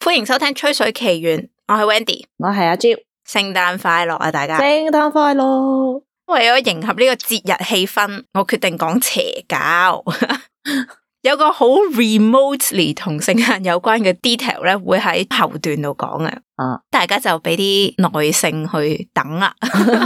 歡迎收聽《吹水奇緣》，我係 Wendy，我係阿 Jo，聖誕快樂啊，大家！聖誕快樂！為咗迎合呢個節日氣氛，我決定講邪教。 有個好 remotely 同聖誕有關嘅 detail 咧，會喺後段度講啊。大家就俾啲耐性去等啦。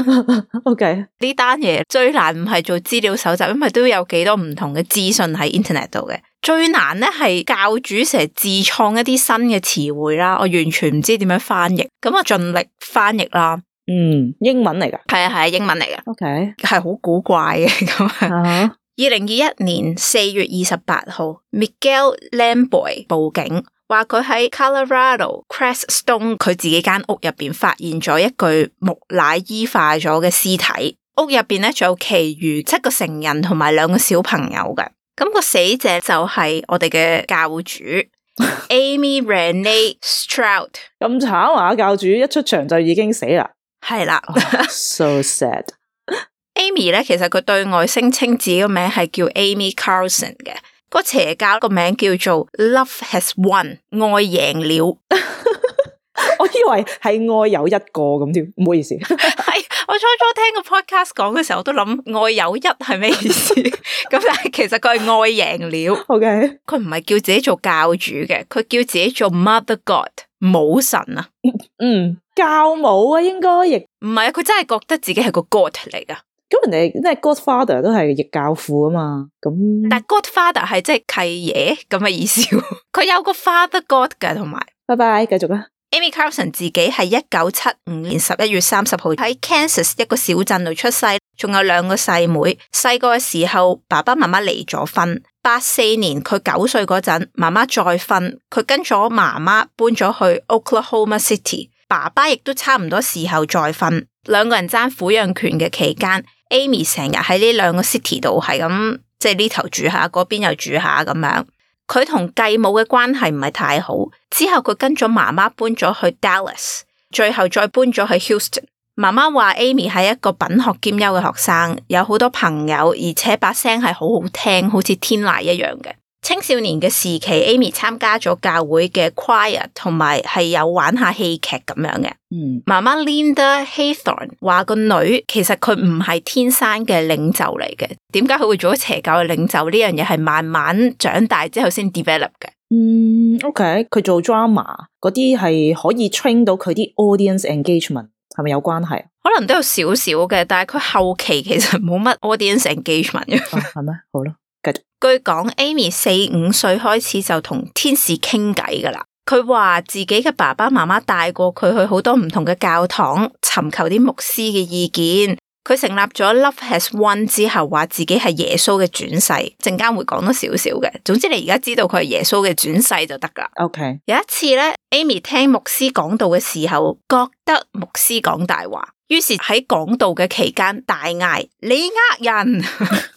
OK，呢單嘢最難唔係做資料搜集，因為都有幾多唔同嘅資訊喺 internet 度嘅。最難咧係教主成日自創一啲新嘅詞彙啦，我完全唔知點樣翻譯，咁啊盡力翻譯啦。 嗯，英文嚟噶，係啊，係啊，英文嚟噶。OK，係好古怪嘅咁啊。Huh. 二零二一年四月二十八號，Miguel Lamboy 報警，話佢喺 Colorado Creststone 佢自己間屋入邊發現咗一具木乃伊化咗嘅屍體。屋入邊咧仲有其餘七個成人同埋兩個小朋友嘅。咁、個死者就係我哋嘅教主 Amy Renee Stroud。咁慘啊！教主一出場就已經死啦。係啦，so sad。Amy 咧，其實佢對外聲稱自己個名係叫 Amy Carlson 嘅，個邪教個名叫做 Love Has Won，愛贏了。 我以為係愛有一個咁添，唔好意思。係 我初初聽個 podcast 講嘅時候，我都諗愛有一係咩意思？咁但係其實佢係愛贏了。O K，佢唔係叫自己做教主嘅，佢叫自己做 Mother God 母神啊、嗯。嗯，教母啊，應該亦唔係啊，佢真係覺得自己係個 God 嚟噶。因為人哋 Godfather 都係譯教父啊嘛，但 Godfather 係即係契爺咁嘅意思。佢 有個 father God 嘅，同埋，拜拜，繼續啦。Amy Carlson 自己係一九七五年十一月三十號喺 Kansas 一個小鎮度出世，仲有兩個細妹、妹。細個嘅時候，爸爸媽媽離咗婚。八四年佢九歲嗰陣，媽媽再婚，佢跟咗媽媽搬咗去 Oklahoma City。爸爸亦都差唔多時候再婚，兩個人爭撫養權嘅期間。Amy 成日喺呢兩個 city 度係咁，即係呢頭住下，嗰邊又住下咁樣。佢同繼母嘅關係唔係太好。之後佢跟咗媽媽搬咗去 Dallas，最後再搬咗去 Houston。媽媽話 Amy 係一個品學兼優嘅學生，有好多朋友，而且把聲係好好聽，好似天籟一樣嘅。青少年嘅時期，Amy 參加咗教會嘅 choir，同埋係有玩下戲劇咁樣嘅。嗯，媽媽 Linda Haythorne 話個女其實佢唔係天生嘅領袖嚟嘅，點解佢會做咗邪教嘅領袖呢樣嘢係慢慢長大之後先 develop 嘅。嗯，OK，佢做 drama 嗰啲係可以 train 到佢啲 audience engagement 係咪有關係？可能都有少少嘅，但係佢後期其實冇乜 audience engagement 嘅。啊，係咩？好咯。據講，Amy 四五歲開始就同天使傾偈噶啦。佢話自己嘅爸爸媽媽帶過佢去好多唔同嘅教堂，尋求啲牧師嘅意見。佢成立咗 Love Has Won 之後，話自己係耶穌嘅轉世。陣間會講多少少嘅，總之你而家知道佢係耶穌嘅轉世就得啦。OK，有一次咧，Amy 聽牧師講道嘅時候，覺得牧師講大話，於是喺講道嘅期間大嗌：你呃人！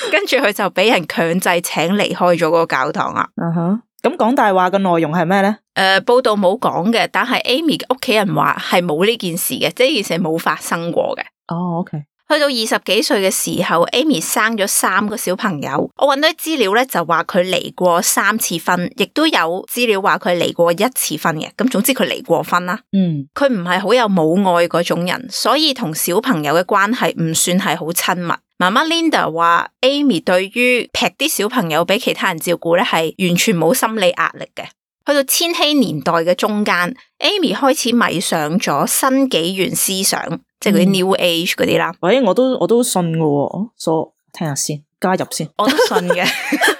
跟住佢就俾人強制請離開咗個教堂啊！嗯哼、uh，咁講大話嘅內容係咩咧？誒、呃，報道冇講嘅，但係 Amy 嘅屋企人話係冇呢件事嘅，即係件事冇發生過嘅。哦、oh,，OK。去到二十幾歲嘅時候，Amy 生咗三個小朋友。我揾到啲資料咧就話佢離過三次婚，亦都有資料話佢離過一次婚嘅。咁總之佢離過婚啦。嗯，佢唔係好有母愛嗰種人，所以同小朋友嘅關係唔算係好親密。媽媽 Linda 話 Amy 對於劈啲小朋友俾其他人照顧咧，係完全冇心理壓力嘅。去到千禧年代嘅中間，Amy 開始迷上咗新紀元思想，即係嗰啲 New Age 嗰啲啦。喂，我都我都信嘅，所聽下先，加入先，我都信嘅。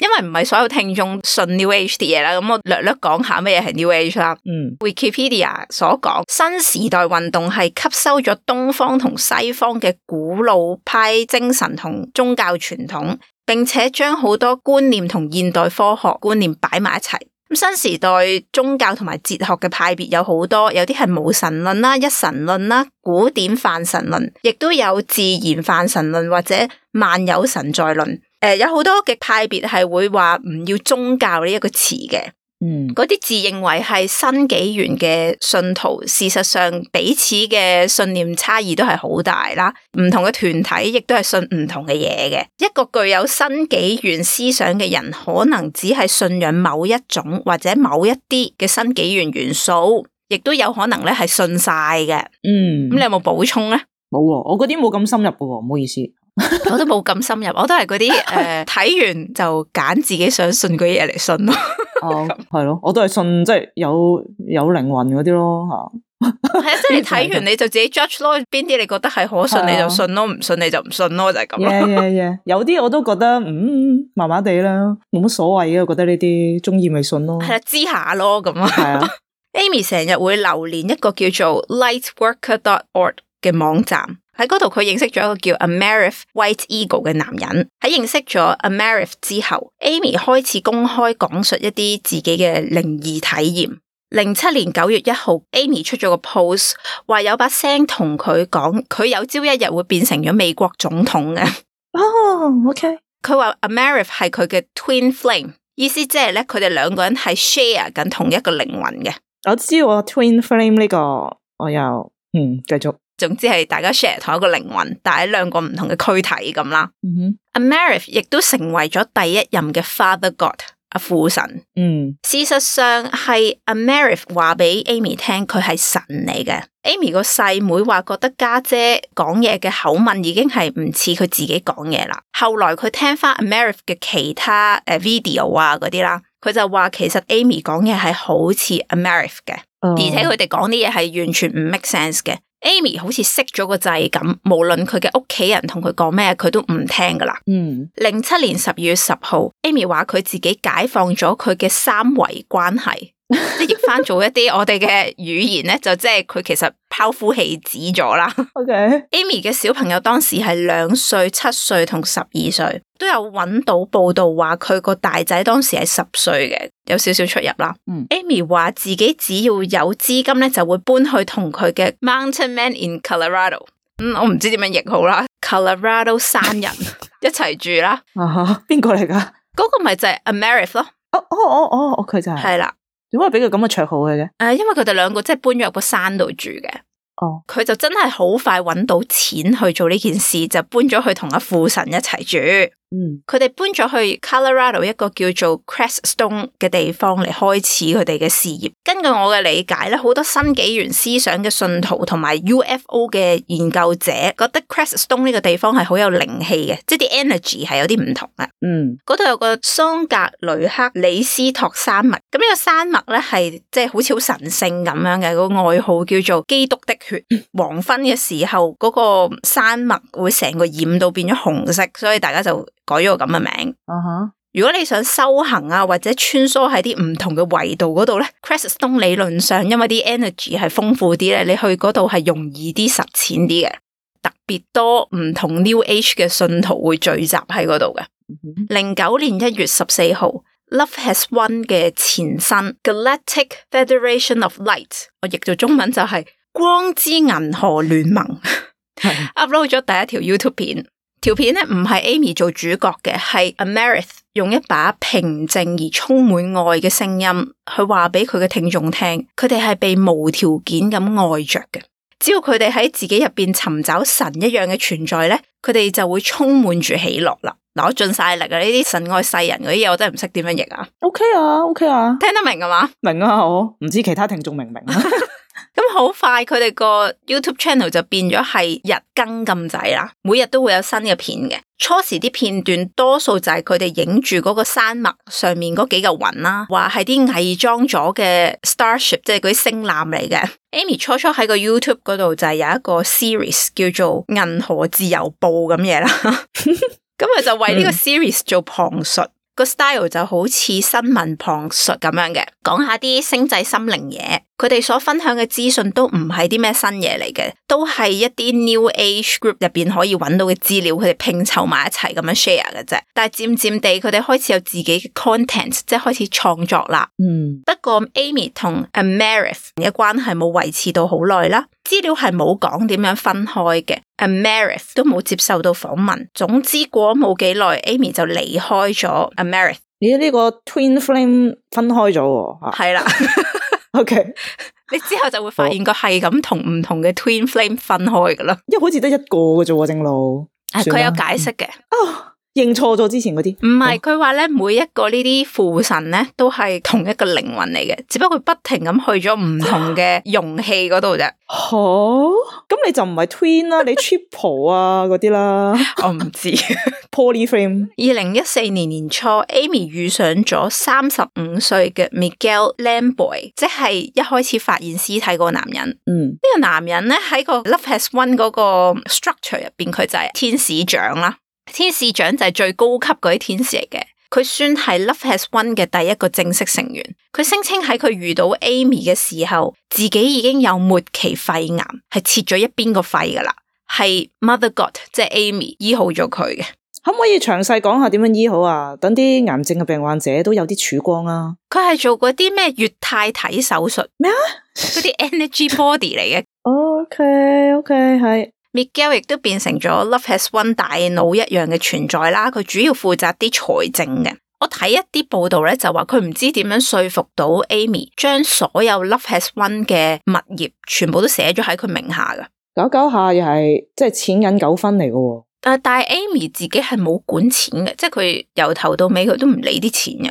因為唔係所有聽眾信 New Age 啲嘢啦，咁我略略講下咩嘢係 New Age 啦。嗯，Wikipedia 所講，新時代運動係吸收咗東方同西方嘅古老派精神同宗教傳統，並且將好多觀念同現代科學觀念擺埋一齊。咁、嗯、新時代宗教同埋哲學嘅派別有好多，有啲係無神論啦、一神論啦、古典泛神論，亦都有自然泛神論或者萬有神在論。誒，有好多嘅派別係會話唔要宗教呢一個詞嘅，嗯，嗰啲自認為係新紀元嘅信徒，事實上彼此嘅信念差異都係好大啦。唔同嘅團體亦都係信唔同嘅嘢嘅。一個具有新紀元思想嘅人，可能只係信仰某一種或者某一啲嘅新紀元元素，亦都有可能咧係信晒嘅。嗯，咁你有冇補充咧？冇啊，我嗰啲冇咁深入嘅啊，唔好意思。 我都冇咁深入，我都係嗰啲誒，睇、呃、完就揀自己想信啲嘢嚟信咯。哦，係咯，我都係信即係、就是、有有靈魂嗰啲咯吓 、啊。即係睇完你就自己 judge 咯，邊啲你覺得係可信你就信咯，唔、 啊、信你就唔信咯，就係、是、咁。耶耶、yeah, yeah, yeah. 有啲我都覺得嗯麻麻地啦，冇乜所謂啊，覺得呢啲中意咪信咯。係啦 知下咯咁啊。Amy 成日會流連一個叫做 Lightworker.org 嘅網站。喺嗰度佢認識咗一個叫 Amirif White Eagle 嘅男人。喺認識咗 Amirif 之後，Amy 開始公開講述一啲自己嘅靈異體驗。零七年九月一號，Amy 出咗個 post，話有把聲同佢講，佢有朝一日會變成咗美國總統嘅。哦，OK。佢話 Amirif 係佢嘅 Twin Flame，意思即係咧，佢哋兩個人係 share 緊同一個靈魂嘅。我知我 Twin Flame 呢、這個，我又嗯繼續。總之係大家 share 同一個靈魂，但係兩個唔同嘅軀體咁啦。Amerith 亦都成為咗第一任嘅 Father God，阿父神。嗯、mm，hmm. 事實上係 Amerith 話俾 Amy 聽，佢係神嚟嘅。Amy 個細妹話覺得家姐講嘢嘅口吻已經係唔似佢自己講嘢啦。後來佢聽翻 Amerith 嘅其他誒 video 啊嗰啲啦，佢就話其實 Amy 講嘢係好似 Amerith 嘅，oh. 而且佢哋講啲嘢係完全唔 make sense 嘅。Amy 好似熄咗個掣咁，無論佢嘅屋企人同佢講咩，佢都唔聽㗎喇。嗯、mm.，零七年十二月十號，Amy 話佢自己解放咗佢嘅三維關係。即係譯翻做一啲我哋嘅語言咧，就即係佢其實拋夫棄子咗啦。Okay，Amy 嘅小朋友當時係兩歲、七歲同十二歲，都有揾到報道話佢個大仔當時係十歲嘅，有少少出入啦。嗯，Amy 話自己只要有資金咧，就會搬去同佢嘅 Mountain Man in Colorado。嗯，我唔知點樣譯好啦。Colorado 山人一齊住啦。 啊哈，邊個嚟噶？嗰個咪就係 Amerith 咯。哦哦哦哦，佢就係。係啦。點解俾個咁嘅綽號佢嘅？誒，uh, 因為佢哋兩個即係搬咗入個山度住嘅。哦，佢就真係好快搵到錢去做呢件事，就搬咗去同阿父神一齊住。嗯，佢哋搬咗去 Colorado 一個叫做 Creststone 嘅地方嚟開始佢哋嘅事業。根據我嘅理解咧，好多新紀元思想嘅信徒同埋 UFO 嘅研究者，覺得 Creststone 呢個地方係好有靈氣嘅，即係啲 energy 係有啲唔同嘅。嗯，嗰度有個桑格雷克里斯托山脈，咁呢個山脈咧係即係好似、嗰個、好神聖咁樣嘅，個外號叫做基督的血。嗯、黃昏嘅時候，嗰、嗰個山脈會成個染到變咗紅色，所以大家就。改咗個咁嘅名，uh huh. 如果你想修行啊，或者穿梭喺啲唔同嘅維度嗰度呢 c r e s c e n t 理論上因為啲 energy 係豐富啲咧，你去嗰度係容易啲實踐啲嘅，特別多唔同 New Age 嘅信徒會聚集喺嗰度嘅。零九、uh huh. 年一月十四號，Love Has Won 嘅前身 Galactic Federation of Light，我譯做中文就係光之銀河聯盟 ，upload 咗 ed 是第一條 YouTube 片。條片咧唔係 Amy 做主角嘅，係 Amerith 用一把平靜而充滿愛嘅聲音去話俾佢嘅聽眾聽，佢哋係被無條件咁愛着嘅。只要佢哋喺自己入邊尋找神一樣嘅存在咧，佢哋就會充滿住喜樂啦。嗱，我盡晒力啊！呢啲神愛世人嗰啲嘢，我真係唔識點樣譯啊。OK 啊，OK 啊，聽得明㗎嘛？明啊，我唔知其他聽眾明唔明啊。 咁好快，佢哋個 YouTube channel 就變咗係日更咁滯啦，每日都會有新嘅片嘅。初時啲片段多數就係佢哋影住嗰個山脈上面嗰幾個雲啦，話係啲偽裝咗嘅 Starship，即係嗰啲星艦嚟嘅。Amy 初初喺個 YouTube 嗰度就有一個 series 叫做《銀河自由報》咁嘢啦，咁咪就為呢個 series 做旁述。個 style 就好似新聞旁述咁樣嘅，講下啲星際心靈嘢。佢哋所分享嘅資訊都唔係啲咩新嘢嚟嘅，都係一啲 New Age group 入邊可以揾到嘅資料，佢哋拼湊埋一齊咁樣 share 嘅啫。但係漸漸地，佢哋開始有自己嘅 content，即係開始創作啦。嗯，mm. 不過 Amy 同 Amerith 嘅關係冇維持到好耐啦。資料係冇講點樣分開嘅，Amaris 都冇接受到訪問。總之過咗冇幾耐，Amy 就離開咗 Amaris。咦？呢個 Twin Flame 分開咗？係啦。OK，你之後就會發現個係咁同唔同嘅 Twin Flame 分開噶啦。因為好似得一個嘅啫、啊，正路。係佢、啊、有解釋嘅。哦、嗯。Oh. 認錯咗之前嗰啲，唔係佢話咧，每一個呢啲父神咧都係同一個靈魂嚟嘅，只不過不停咁去咗唔同嘅容器嗰度啫。哈，咁你就唔係 twin 啦、啊，你 triple 啊嗰啲啦， 些 我唔不知。 Polyframe，二零一四年年初，Amy 遇上咗三十五歲嘅 Miguel Lamboy，即係一開始發現屍體男、嗯、個男人。嗯，呢個男人咧喺個 Love Has Won 嗰個 structure 入邊，佢就係天使長啦。天使長就係最高級嗰啲天使嚟嘅，佢算係 Love Has Won 嘅第一個正式成員。佢聲稱喺佢遇到 Amy 嘅時候，自己已經有末期肺癌，係切咗一邊個肺噶啦，係 Mother God 即係 Amy 醫好咗佢嘅。可唔可以詳細講下點樣醫好啊？等啲癌症嘅病患者都有啲曙光啊！佢係做過啲咩月太體手術咩啊？嗰啲麼 Energy Body 嚟嘅。 oh, OK OK 係、yes.。Miguel 亦都變成咗 Love Has Won 大腦一樣嘅存在啦。佢主要負責啲財政嘅。我睇一啲報道咧，就話佢唔知點樣說服到 Amy 將所有 Love Has Won 嘅物業全部都寫咗喺佢名下噶。搞搞下又係即係錢銀糾紛嚟噶。但係 Amy 自己係冇管錢嘅，即係佢由頭到尾佢都唔理啲錢嘅。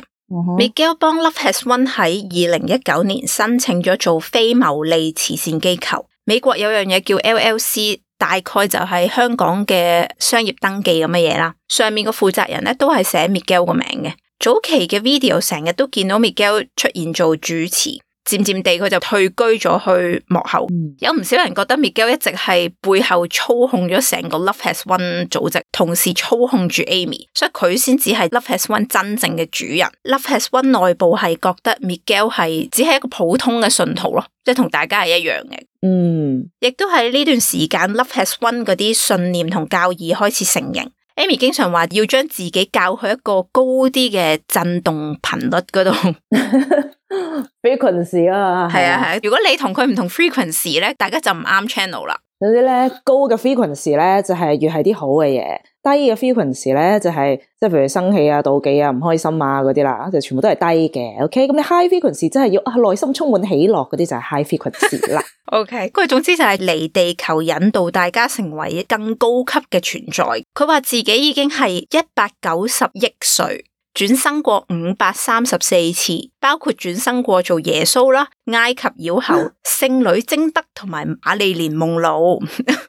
Miguel 幫 Love Has Won 喺二零一九年申請咗做非牟利慈善機構。美國有樣嘢叫 LLC。大概就係香港嘅商業登記咁嘅嘢啦，上面個負責人呢，都係寫 Miguel 嘅名嘅。早期嘅 video 成日都見到 Miguel 出現做主持。漸漸地佢就退居咗去幕後，mm. 有唔少人覺得 Miguel 一直係背後操控咗成個 Love Has Won 組織，同時操控住 Amy，所以佢先至係 Love Has Won 真正嘅主人。Love Has Won 內部係覺得 Miguel 係只係一個普通嘅信徒咯，即係同大家係一樣嘅。嗯，mm. 亦都係呢段時間 Love Has Won 嗰啲信念同教義開始成型。Amy 經常話要將自己調去一個高啲嘅震動頻率嗰度 ，frequency 啊，係啊係啊。如果你同佢唔同 frequency 咧，大家就唔啱 channel 啦。總之咧，高嘅 frequency 咧，就係越係啲好嘅嘢。低嘅 frequency 咧，就係即係譬如生氣啊、妒忌啊、唔開心啊嗰啲啦，就全部都係低嘅。O K，咁你 high frequency 真係要、啊、內心充滿喜樂嗰啲就係 high frequency 啦。O K，佢總之就係離地球引導大家成為更高級嘅存在。佢話自己已經係一百九十億歲，轉生過五百三十四次，包括轉生過做耶穌啦、埃及妖后、聖 女貞德同埋瑪麗蓮夢露。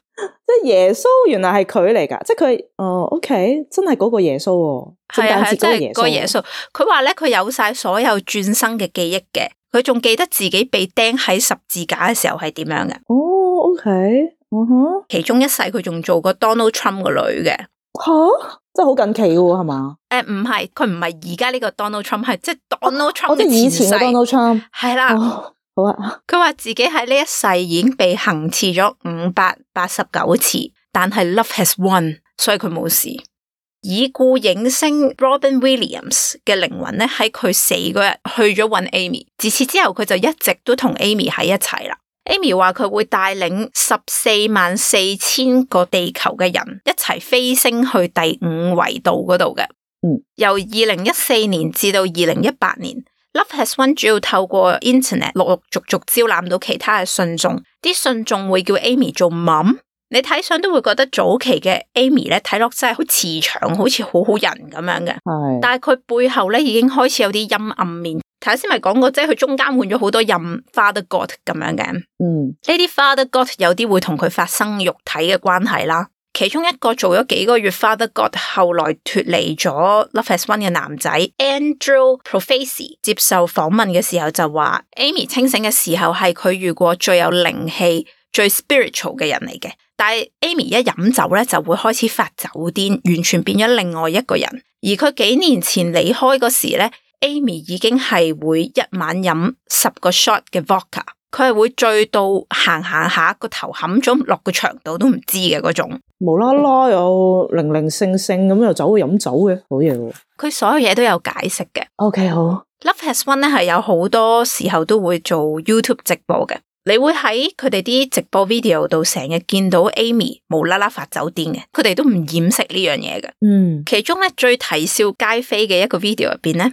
即係耶穌，原來係佢嚟噶，即係佢哦，OK，真係嗰個耶穌，即係間接個耶穌。佢話咧，佢有晒所有轉生嘅記憶嘅，佢仲記得自己被釘喺十字架嘅時候係點樣嘅。哦，OK，、uh huh. 其中一世佢仲做過 Donald Trump 個女嘅，吓，真係好近期嘅係嘛？誒，唔係、呃，佢唔係而家呢個 Donald Trump，係即係 Donald Trump 前世、啊、我哋以前嘅 Donald Trump 了。係啦。好啊！佢話自己喺呢一世已經被行刺咗五百八十九次，但係 Love has won，所以佢冇事。已故影星 Robin Williams 嘅靈魂咧，喺佢死嗰日去咗搵 Amy。自此之後，佢就一直都同 Amy 喺一齊啦。Amy 話佢會帶領十四萬四千個地球嘅人一齊飛升去第五維度嗰度嘅。嗯，由二零一四年至到二零一八年。Love Has Won 主要透過 internet 陸陸續續招攬到其他嘅信眾，啲信眾會叫 Amy 做 mom 你睇相都會覺得早期嘅 Amy 咧睇落真係好慈祥，好似好好人咁樣嘅。是但係佢背後咧已經開始有啲陰暗面。頭先咪講過，即係佢中間換咗好多任 Father God 咁樣嘅。嗯，呢啲 Father God 有啲會同佢發生肉體嘅關係啦。其中一個做咗幾個月 Father God，後來脫離咗 Love Has Won 嘅男仔 Andrew Profacy 接受訪問嘅時候就話，Amy 清醒嘅時候係佢遇過最有靈氣、最 spiritual 嘅人嚟嘅，但係 Amy 一飲酒咧就會開始發酒癲，完全變咗另外一個人。而佢幾年前離開嗰時咧，Amy 已經係會一晚飲十個 shot 嘅 Vodka。佢係會醉到行行下個頭冚咗落個牆度都唔知嘅嗰種，無啦啦又零零星星咁又走去飲酒嘅，好嘢！佢所有嘢都有解釋嘅。OK，好。Love Has Won 咧，係有好多時候都會做 YouTube 直播嘅。你會喺佢哋啲直播 video 度成日見到 Amy 無啦啦發酒癲嘅，佢哋都唔掩飾呢樣嘢嘅。嗯，其中咧最啼笑皆非嘅一個 video 入邊咧。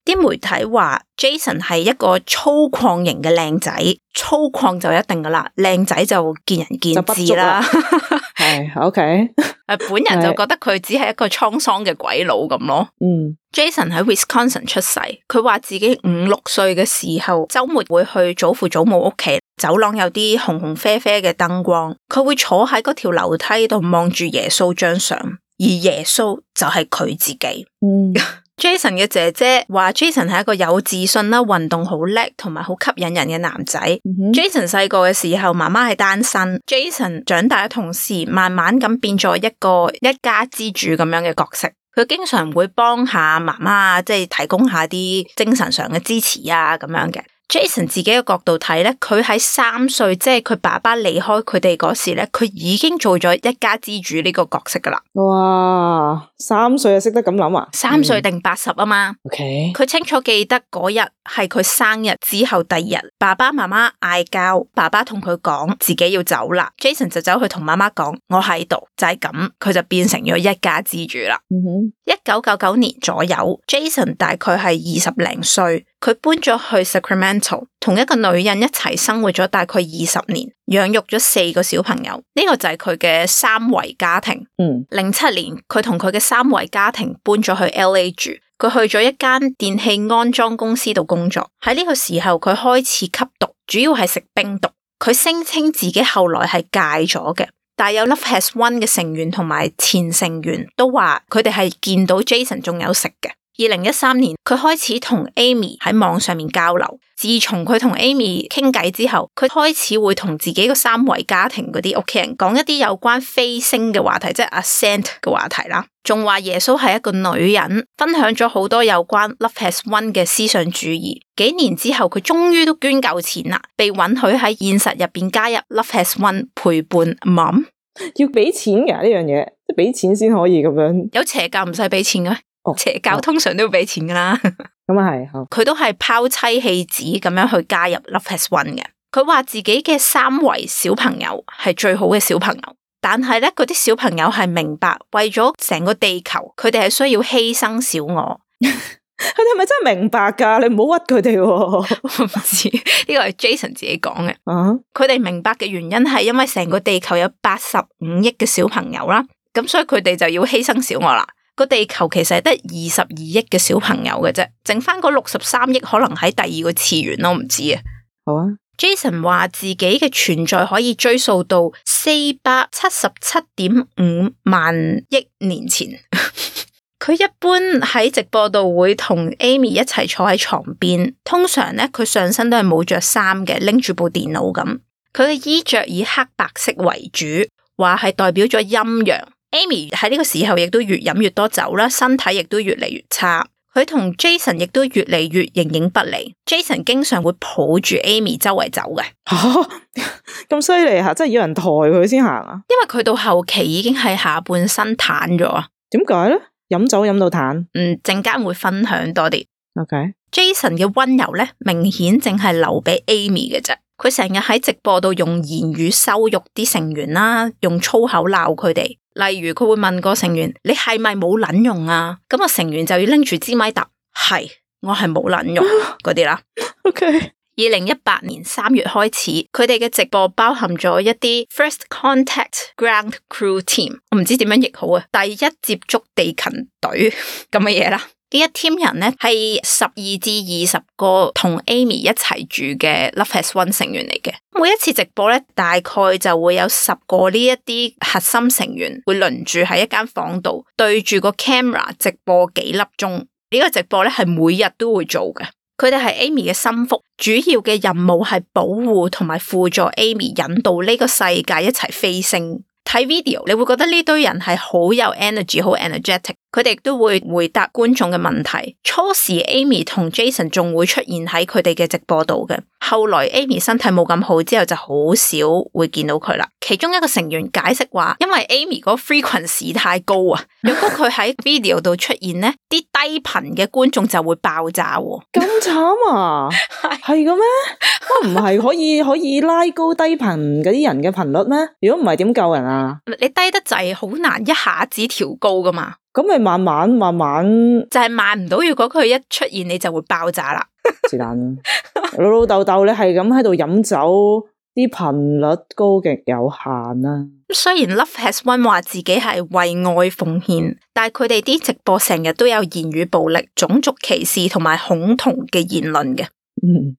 啲媒體話，Jason 係一個粗獷型嘅靚仔，粗獷就一定噶啦，靚仔就見仁見智啦。係，OK，誒，本人就覺得佢只係一個滄桑嘅鬼佬咁咯。嗯、mm.，Jason 喺 Wisconsin 出世，佢話自己五六歲嘅時候，周末會去祖父祖母屋企，走廊有啲紅紅啡啡嘅燈光，佢會坐喺嗰條樓梯度望住耶穌張相，而耶穌就係佢自己。嗯。Mm. Jason 嘅姐姐話，Jason 係一個有自信啦、運動好叻同埋好吸引人嘅男仔。Mm hmm. Jason 細個嘅時候，媽媽係單身。Jason 長大嘅同時，慢慢咁變作一個一家之主咁樣嘅角色。佢經常會幫下媽媽，即係提供下啲精神上嘅支持啊，咁樣嘅。Jason 自己嘅角度睇咧，佢喺三歲，即係佢爸爸離開佢哋嗰時咧，佢已經做咗一家之主呢個角色噶啦。哇，三歲就識得咁諗啊！三歲定八十啊嘛。佢、嗯 okay. 清楚記得嗰日係佢生日之後第二日，爸爸媽媽嗌交，爸爸同佢講自己要走啦。Jason 就走去同媽媽講：我喺度就係、是、咁，佢就變成咗一家之主啦。嗯哼，一九九九年左右，Jason 大概係二十零歲。佢搬咗去 Sacramento，同一個女人一齊生活咗大概二十年，養育咗四個小朋友。呢、這個就係佢嘅三維家庭。嗯，零七年佢同佢嘅三維家庭搬咗去 LA 住，佢去咗一間電器安裝公司度工作。喺呢個時候佢開始吸毒，主要係食冰毒。佢聲稱自己後來係戒咗嘅，但有 Love Has Won 嘅成員同埋前成員都話佢哋係見到 Jason 仲有食嘅。二零一三年，佢開始同 Amy 喺網上面交流。自從佢同 Amy 傾偈之後，佢開始會同自己個三維家庭嗰啲屋企人講一啲有關飛升嘅話題，即係 Ascend 嘅話題啦。仲話耶穌係一個女人，分享咗好多有關 Love Has Won 嘅思想主義。幾年之後，佢終於都捐夠錢啦，被允許喺現實入面加入 Love Has Won 陪伴 mom。要俾錢嘅呢樣嘢，俾錢先可以咁樣。有邪教唔使俾錢嘅。邪教通常都要俾錢噶啦、哦，咁啊佢都係拋妻棄子咁樣去加入 Love Has Won 嘅。佢話自己嘅三位小朋友係最好嘅小朋友，但是呢，但係咧，嗰啲小朋友係明白為咗成個地球，佢哋係需要犧牲小我。佢哋係咪真係明白噶？你唔好屈佢哋。我呢個係 Jason 自己講嘅。啊，佢哋明白嘅原因係因為成個地球有八十五億嘅小朋友啦，咁所以佢哋就要犧牲小我啦。個地球其實係得二十二億嘅小朋友嘅啫，剩翻嗰六十三億可能喺第二個次元咯，唔知啊。好啊、oh.，Jason 話自己嘅存在可以追溯到四百七十七點五萬億年前。佢 一般喺直播度會同 Amy 一齊坐喺床邊，通常咧佢上身都係冇着衫嘅，拎住部電腦咁。佢嘅衣着以黑白色為主，話係代表咗陰陽。Amy 喺呢個時候亦都越飲越多酒啦，身體亦都越嚟越差。佢同 Jason 亦都越嚟越形影不離。Jason 經常會抱住 Amy 周圍走嘅，吓咁犀利吓，真係要有人抬佢先行啊！因為佢到後期已經係下半身癱咗啊。點解呢？飲酒飲到癱。嗯，陣間會，會分享多啲。OK，Jason Okay. 嘅溫柔呢，明顯淨係留俾 Amy 嘅啫。佢成日喺直播度用言語羞辱啲成員啦，用粗口鬧佢哋。例如佢會問個成員，你係咪冇卵用啊？咁啊，個成員就要拎住支咪答：「係，我係冇卵用嗰啲 啦。OK，二零一八年三月開始，佢哋嘅直播包含咗一啲 First Contact Ground Crew Team，我唔知點樣譯好啊，第一接觸地勤隊咁嘅嘢啦。一呢一 team 人咧，係十二至二十個同 Amy 一齊住嘅 Love Has Won e 成員嚟嘅。每一次直播咧，大概就會有十個呢一啲核心成員會輪住喺一間房度對住個 camera 直播幾粒鐘。呢、這個直播咧，係每日都會做嘅。佢哋係 Amy 嘅心腹，主要嘅任務係保護同埋輔助 Amy 引導呢個世界一齊飛升。睇 video 你會覺得呢堆人係好有 energy 好 energetic，佢哋都會回答觀眾嘅問題。初時 Amy 同 Jason 仲會出現喺佢哋嘅直播度嘅。後來 Amy 身體冇咁好之後就好少會見到佢啦。其中一個成員解釋話，因為 Amy 嗰 frequency 太高啊，如果佢喺 video 度出現呢啲 低頻嘅觀眾就會爆炸。咁慘啊！係嘅咩？唔係可以可以拉高低頻嗰啲人嘅頻率咩？如果唔係點救人啊？你低得滯，好難一下子調高㗎嘛。咁咪慢慢慢慢，慢慢就係慢唔到。如果佢一出現，你就會爆炸啦。是 但，老老豆豆，你係咁喺度飲酒，啲頻率高極有限啦，啊。雖然 Love Has Won 話自己係為愛奉獻，但係佢哋啲直播成日都有言語暴力、種族歧視同埋恐同嘅言論嘅。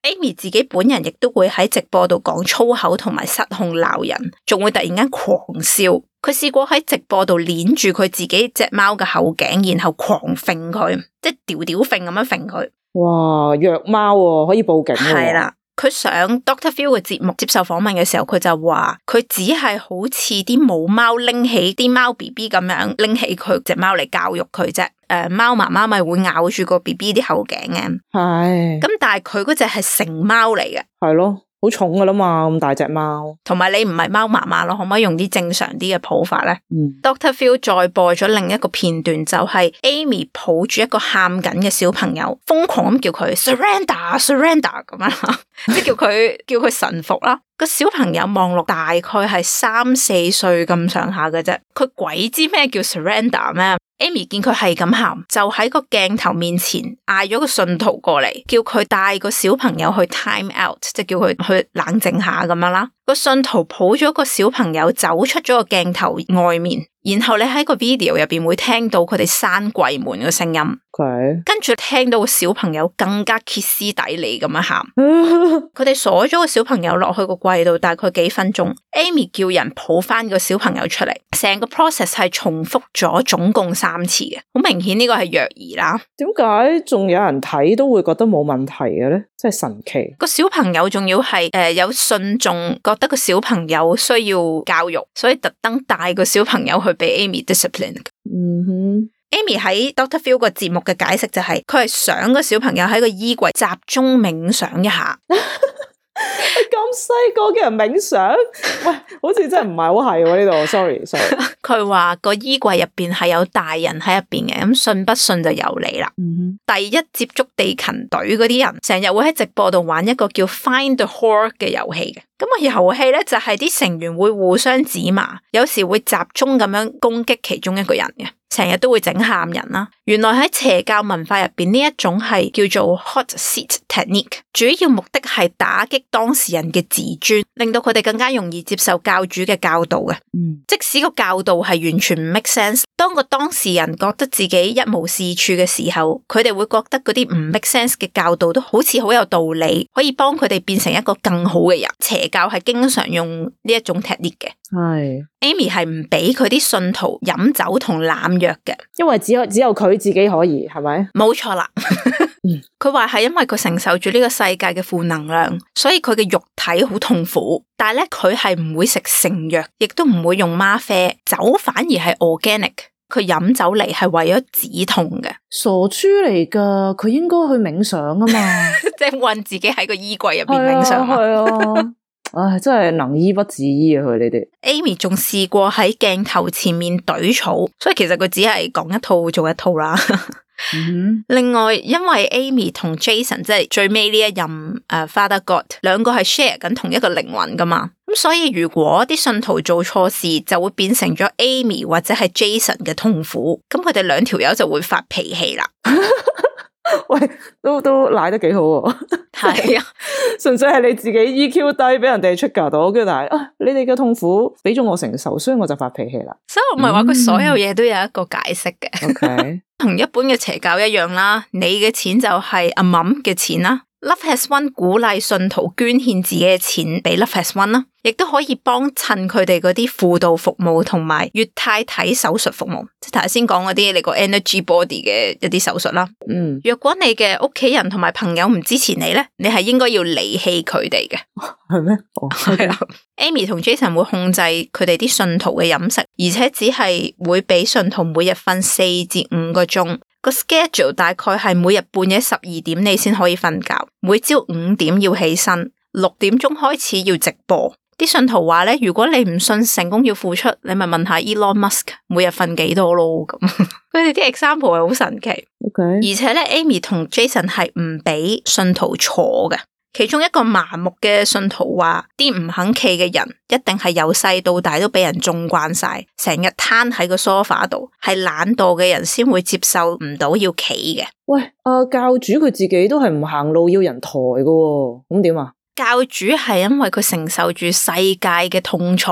Amy 自己本人亦都會喺直播度講粗口同埋失控鬧人，仲會突然間狂笑。佢試過喺直播度鏈住佢自己隻貓嘅後頸，然後狂揈佢，即係屌屌揈咁樣揈佢。哇，虐貓喎，可以報警係啊啦。係佢上 Doctor Phil 嘅節目接受訪問嘅時候，佢就話：佢只係好似啲母貓拎起啲貓 B B 咁樣拎起佢隻貓嚟教育佢啫。誒、呃，貓媽媽咪會咬住個 B B 啲後頸嘅、啊，係是。咁但係佢嗰隻係成貓嚟嘅，係咯。好重噶啦嘛，咁大隻貓，同埋你唔係貓媽媽咯，可唔可以用啲正常啲嘅抱法呢？嗯。Dr. Phil 再播咗另一個片段，就係、是、Amy 抱住一個喊緊嘅小朋友，瘋狂咁叫佢 Surrender Surrender 咁樣，即 叫佢 叫佢臣服啦。個小朋友望落大概係三四歲咁上下嘅啫，佢鬼知咩叫 surrender 咩？Amy 見佢係咁喊，就喺個鏡頭面前嗌咗個信徒過嚟，叫佢帶個小朋友去 time out，即叫佢去冷靜下咁樣啦。個信徒抱咗個小朋友走出咗個鏡頭外面。然後你喺個 video 入邊會聽到佢哋閂櫃門嘅聲音，鬼跟住聽到個小朋友更加歇斯底里咁樣喊，佢哋 鎖咗個小朋友落去個櫃度大概幾分鐘。Amy 叫人抱翻個小朋友出嚟，成個 process 係重複咗總共三次嘅，好明顯呢個係虐兒啦。點解仲有人睇都會覺得冇問題嘅咧？真係神奇。個小朋友仲要係誒、呃、有信眾覺得個小朋友需要教育，所以特登帶個小朋友去俾 Amy discipline。嗯哼，Amy 喺 Doctor Phil 個節目嘅解釋就係、是，佢係想個小朋友喺個衣櫃集中冥想一下。 咁細個嘅人冥想？喂，好似真係唔係好係喎呢度，sorry，sorry。佢話、 個衣櫃入邊係有大人喺入邊嘅，咁信不信就由你啦。Mm hmm. 第一接觸地勤隊嗰啲人，成日會喺直播度玩一個叫 Find the Hole 嘅遊戲嘅。咁啊，遊戲就係、是、啲成員會互相指罵，有時會集中咁樣攻擊其中一個人嘅，成日都會整喊人啦、啊。原來喺邪教文化入面呢一種係叫做 hot seat technique，主要目的係打擊當事人嘅自尊，令到佢哋更加容易接受教主嘅教導的、mm. 即使個教導係完全唔 make sense。當個當事人覺得自己一無是處嘅時候，佢哋會覺得嗰啲唔 make sense 嘅教導都好似好有道理，可以幫佢哋變成一個更好嘅人。邪教係經常用呢一種 tactic 嘅。係是 Amy 係唔俾佢啲信徒飲酒同濫藥嘅，因為只有只有佢自己可以係咪？冇錯啦，佢話係因為佢承受住呢個世界嘅負能量，所以佢嘅肉體好痛苦。但係呢，佢係唔會食成藥，亦都唔會用嗎啡，酒反而係 organic。佢飲酒嚟係為咗止痛嘅，傻豬嚟噶，佢應該去冥想啊嘛，即係 困自己喺個衣櫃入邊冥想。係啊，唉，真係能醫不自醫啊！佢呢啲，Amy 仲試過喺鏡頭前面懟草，所以其實佢只係講一套做一套啦。 嗯、另外，因為 Amy 同 Jason 即係最尾呢一任誒、uh, Father God 兩個係 share 緊同一個靈魂噶嘛，咁所以如果啲信徒做錯事，就會變成咗 Amy 或者係 Jason 嘅痛苦，咁佢哋兩條友就會發脾氣啦。 喂，都都賴得幾好，係啊，純、 啊、 粹係你自己 EQ 低，俾人哋 trigger 到，跟住但係啊，你哋嘅痛苦俾咗我承受，所以我就發脾氣啦。所以 So,、嗯、我唔係話佢所有嘢都有一個解釋嘅。 同一般嘅邪教一樣啦，你嘅錢就係阿敏嘅錢啦。Love Has Won 鼓勵信徒捐獻自己嘅錢俾 Love Has Won 啦，亦都可以幫襯佢哋嗰啲輔導服務同埋越太體手術服務，即係頭先講嗰啲你個 Energy Body 嘅一啲手術啦。嗯，若果你嘅屋企人同埋朋友唔支持你呢，你係應該要離棄佢哋嘅，係咩？係、oh, 啦、okay. ，Amy 同 Jason 會控制佢哋啲信徒嘅飲食，而且只係會俾信徒每日瞓四至五個鐘。個 schedule 大概係每日半夜十二點你先可以瞓覺，每朝五點要起身，六點鐘開始要直播。啲信徒話咧，如果你唔信成功要付出，你咪問下 Elon Musk 每日瞓幾多咯咁。佢哋啲 example 係好神奇，Okay. 而且 Amy 同 Jason 係唔俾信徒坐嘅。其中一個麻木嘅信徒話，啲唔肯企嘅人一定係由細到大都俾人縱慣晒，成日攤喺個 sofa 度，係懶惰嘅人先會接受唔到要企嘅。喂，阿教主佢自己都係唔行路，要人抬嘅，咁點啊？教主係、哦啊、因為佢承受住世界嘅痛楚。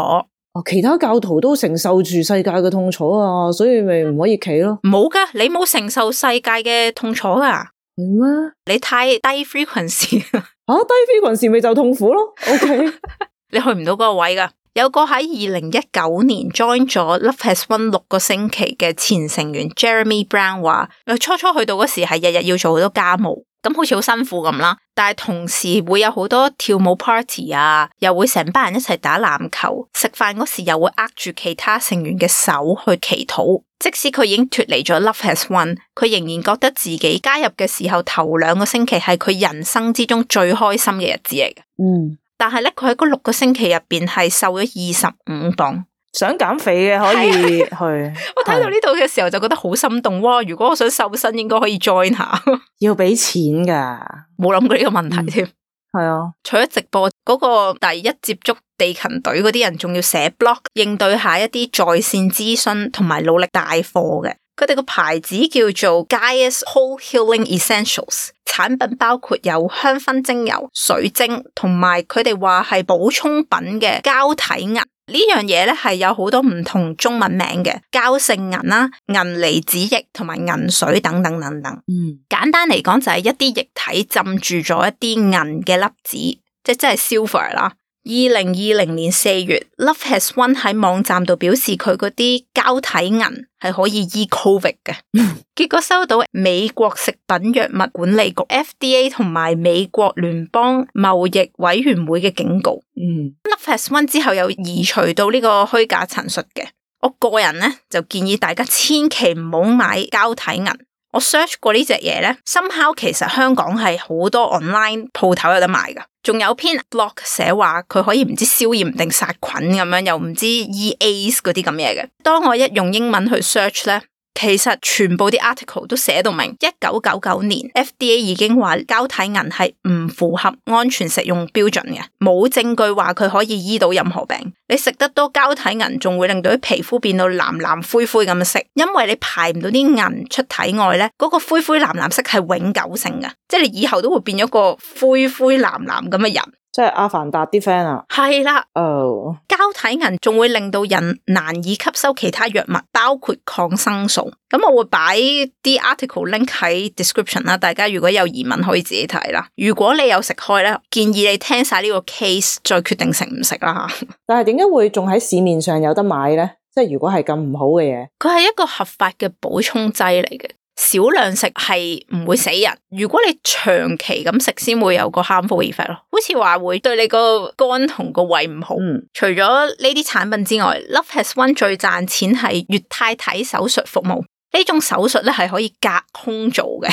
哦，其他教徒都承受住世界嘅痛楚啊，所以咪唔可以企咯？冇噶，你冇承受世界嘅痛楚啊？係咩麼，你太低 frequency。 啊，低飛嗰陣時咪就痛苦咯，OK， 你去唔到嗰個位噶。有個喺二零一九年 join 咗 Love Has Won 六個星期嘅前成員 Jeremy Brown 話，初初去到嗰時係日日要做好多家務，咁好似好辛苦咁啦。但係同時會有好多跳舞 party 啊，又會成班人一齊打籃球，食飯嗰時又會握住其他成員嘅手去祈禱。即使佢已經脫離咗 Love Has Won，佢仍然覺得自己加入嘅時候頭兩個星期係佢人生之中最開心嘅日子嚟。嗯，但係咧，佢喺嗰六個星期入面係瘦咗二十五磅。想減肥嘅可以去。我睇到呢度嘅時候就覺得好心動。哇！如果我想瘦身，應該可以 join 下。 要俾錢噶？冇諗過呢個問題添、嗯。係啊， 嗯、 除咗直播嗰、那個第一接觸地勤隊嗰啲人，仲要寫 blog 應對下一啲在線諮詢同埋努力帶貨嘅。佢哋個牌子叫做 Gaia's Whole Healing Essentials，產品包括有香薰精油、水晶同埋佢哋話係補充品嘅膠體銀。呢樣嘢咧係有好多唔同中文名嘅，膠性銀啦、銀離子液同埋銀水等等等等。嗯，簡單嚟講就係一啲液體浸住咗一啲銀嘅粒子，即係即係 silver 啦。二零二零年四月，Love Has Won 喺網站度表示佢嗰啲膠體銀係可以醫 Covid 嘅， 結果收到美國食品藥物管理局 FDA 同埋美國聯邦貿易委員會嘅警告。嗯、Love Has Won 之後又移除到呢個虛假陳述嘅。我個人呢，就建議大家千祈唔好買膠體銀。我 search 過這個東西呢隻嘢咧，somehow 其實香港係好多 online 鋪頭有得賣噶。仲有篇 blog 寫話佢可以唔知消炎定殺菌咁樣，又唔知 EAS 嗰啲咁嘢嘅。當我一用英文去 search 咧。其實全部啲 article 都寫到明，一九九九年 FDA 已經話膠體銀係唔符合安全食用標準嘅，冇證據話佢可以醫到任何病。你食得多膠體銀，仲會令到啲皮膚變到藍藍灰灰咁嘅色，因為你排唔到啲銀出體外咧，嗰、那個灰灰藍藍色係永久性嘅，即你以後都會變咗個灰灰藍藍咁嘅人。即係阿凡達啲 friend 啊，係啦的，誒，膠體銀仲會令到人難以吸收其他藥物，包括抗生素。咁我會擺啲 article link 喺 description 啦，大家如果有疑問可以自己睇啦。如果你有食開咧，建議你聽晒呢個 case 再決定食唔食啦吓。 但係點解會仲喺市面上有得買咧？即係如果係咁唔好嘅嘢，佢係一個合法嘅補充劑嚟嘅。少量食係唔會死人，如果你長期咁食，先會有個 harmful effect 咯。好似話會對你個肝同個胃唔好。除咗呢啲產品之外，Love Has Won 最賺錢係乙太體手術服務。呢種手術咧係可以隔空做嘅，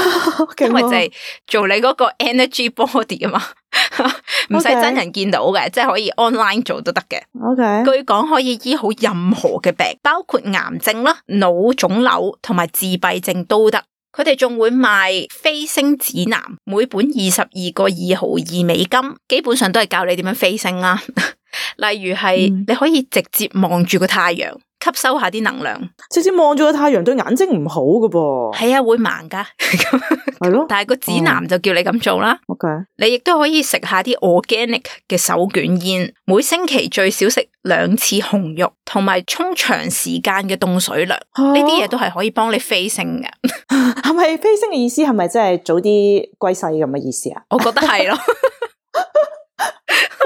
因為就係做你嗰個 energy body 啊嘛，唔 使真人見到嘅，Okay. 即係可以 online 做都得嘅。OK，據講可以醫 Okay. 好任何嘅病，包括癌症啦、腦腫瘤同埋自閉症都得。佢哋仲會賣飛升指南，每本二十二個二毫二美金，基本上都係教你點樣飛升啦、啊。 例如係你可以直接望住個太陽。嗯吸收下啲能量，直接望住個太陽對眼睛唔好噶噃。係啊會盲噶， 是的但係個指南、嗯、就叫你咁做啦。O Okay . K，你亦都可以食下啲 organic 嘅手捲煙，每星期最少食兩次紅肉，同埋沖長時間嘅凍水涼。呢啲嘢都係可以幫你飛升嘅。係 咪飛升嘅意思？係咪即係早啲歸西咁嘅意思啊？我覺得係咯。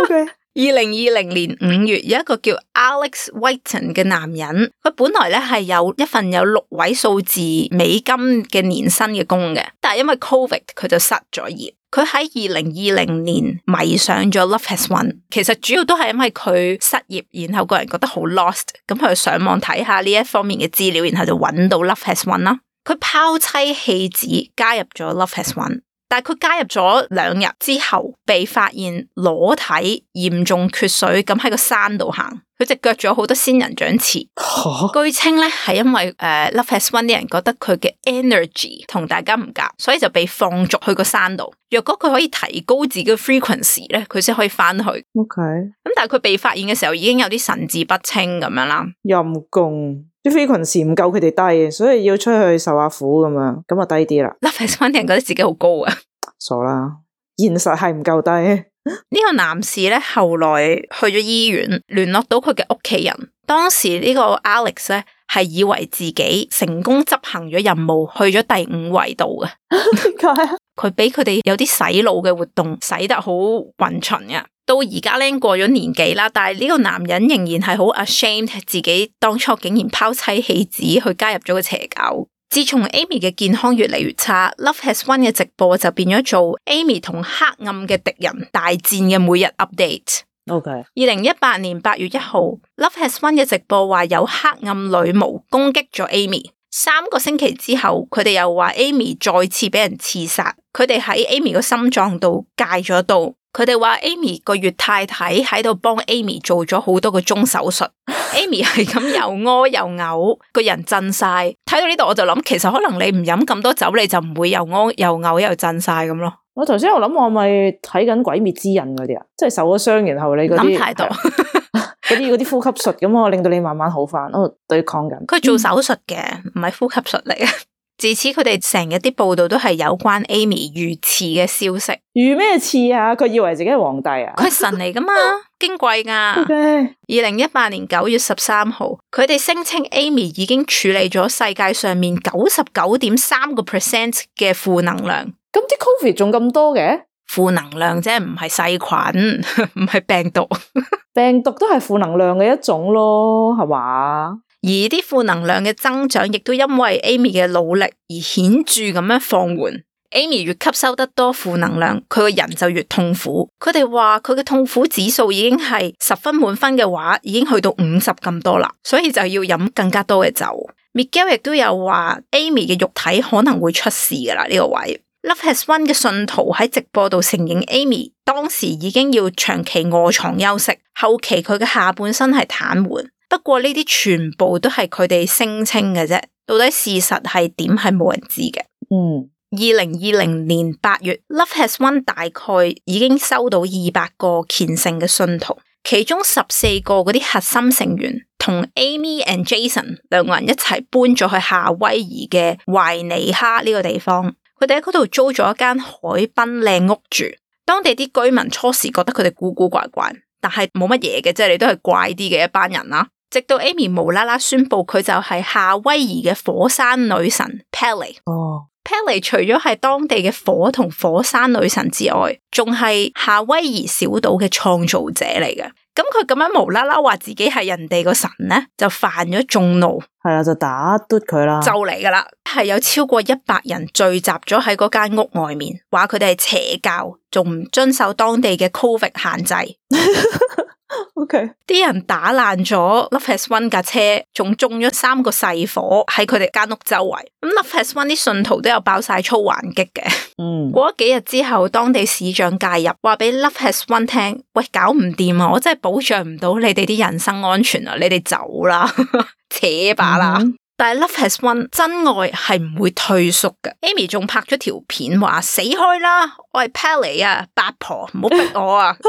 O K。二零二零年五月，有一個叫 Alex Whiten 嘅男人，佢本來咧係有一份有六位數字美金嘅年薪嘅工嘅，但係因為 Covid 佢就失咗業。佢喺二零二零年迷上咗 Love Has Won，其實主要都係因為佢失業，然後個人覺得好 lost，咁佢上網睇下呢一方面嘅資料，然後就搵到 Love Has Won 啦。佢拋妻棄子加入咗 Love Has Won。但係佢加入咗兩日之後，被發現裸體嚴重缺水，咁喺個山度行，佢隻腳仲有好多仙人掌刺。蛤據稱咧係因為誒、uh, Love Has Won 啲人覺得佢嘅 energy 同大家唔夾，所以就被放逐去個山度。若果佢可以提高自己嘅 frequency 咧，佢先可以翻去。OK。咁但係佢被發現嘅時候已經有啲神志不清咁樣啦。陰公。啲 frequency 唔夠佢哋低，所以要出去受下苦咁樣，咁就低啲啦。Love Has Won 啲人覺得自己好高啊，傻啦！現實係唔夠低。呢個男士咧後來去咗醫院，聯絡到佢嘅屋企人。當時呢個 Alex 咧係以為自己成功執行咗任務，去咗第五維度嘅。點解啊？佢俾佢哋有啲洗腦嘅活動，洗得好勻循呀。到而家咧，過咗年紀啦，但係呢個男人仍然係好 ashamed 自己當初竟然拋妻棄子去加入咗個邪教。自從 Amy 嘅健康越嚟越差，Love Has Won 嘅直播就變咗做 Amy 同黑暗嘅敵人大戰嘅每日 update。Okay。二零一八年八月一號，Love Has Won 嘅直播話有黑暗女巫攻擊咗 Amy。三個星期之後，佢哋又話 Amy 再次俾人刺殺，佢哋喺 Amy 個心臟度戒咗刀。佢哋話 Amy 個月太太喺度幫 Amy 做咗好多個鐘手術 ，Amy 係咁 又屙、呃、又嘔、呃，個人震晒。睇到呢度我就諗，其實可能你唔飲咁多酒，你就唔會又屙、呃、又嘔、呃又，呃、又震晒咁咯。我頭先我諗我係咪睇緊鬼滅之刃嗰啲啊？即係受咗傷然後你嗰啲諗太多，嗰啲啲呼吸術咁我令到你慢慢好返。我對抗緊佢做手術嘅，唔係 呼吸術嚟。 自此佢哋成日啲報道都係有關 Amy 遇刺嘅消息，遇咩刺啊？佢以為自己係皇帝啊？佢 係神嚟噶嘛？矜貴㗎！二零一八年九月十三號，佢哋聲稱 Amy 已經處理咗世界上面九十九點三個 percent 嘅負能量。咁啲 COVID 仲咁多嘅負能量啫，唔係細菌，唔 係病毒， 病毒都係負能量嘅一種咯，係嘛？而啲負能量嘅增長，亦都因為 Amy 嘅努力而顯著咁樣放緩。Amy 越吸收得多負能量，佢個人就越痛苦。佢哋話佢嘅痛苦指數已經係十分滿分嘅話，已經去到五十咁多啦，所以就要飲更加多嘅酒。Miguel 亦都有話，Amy 嘅肉體可能會出事噶啦呢個位置。Love Has Won 嘅信徒喺直播度承認，Amy 當時已經要長期臥床休息，後期佢嘅下半身係癱瘓。不過呢啲全部都係佢哋聲稱嘅啫，到底事實係點係冇人知嘅。嗯，二零二零年八月，Love Has Won 大概已經收到二百個虔誠嘅信徒，其中十四個嗰啲核心成員同 Amy and Jason 兩個人一齊搬咗去夏威夷嘅懷尼哈呢個地方，佢哋喺嗰度租咗一間海濱靚屋住。當地啲居民初時覺得佢哋古古怪怪，但係冇乜嘢嘅，即係你都係怪啲嘅一班人啦、啊。直到 Amy 無啦啦宣布佢就係夏威夷嘅火山女神 Pele，哦、oh.，Pele 除咗係當地嘅火同火山女神之外，仲係夏威夷小島嘅創造者嚟嘅。咁佢咁樣無啦啦話自己係人哋個神咧，就犯咗眾怒。係啦，就打篤佢啦，就嚟噶啦，係有超過一百人聚集咗喺嗰間屋外面，話佢哋係邪教，仲唔遵守當地嘅 COVID 限制。 O.K.，啲人打爛咗 Love Has Won 架車，仲中咗三個細火喺佢哋間屋周圍。咁 Love Has Won 啲信徒都有爆晒粗還擊嘅。嗯，過咗幾日之後，當地市長介入，話俾 Love Has Won 聽，喂，搞唔掂啊，我真係保障唔到你哋啲人身安全啊，你哋走啦， 扯把啦。嗯、但係 Love Has Won 真愛係唔會退縮嘅。 Amy 仲拍咗條片話：死開啦，我係 Perry 啊，八婆，唔好逼我啊。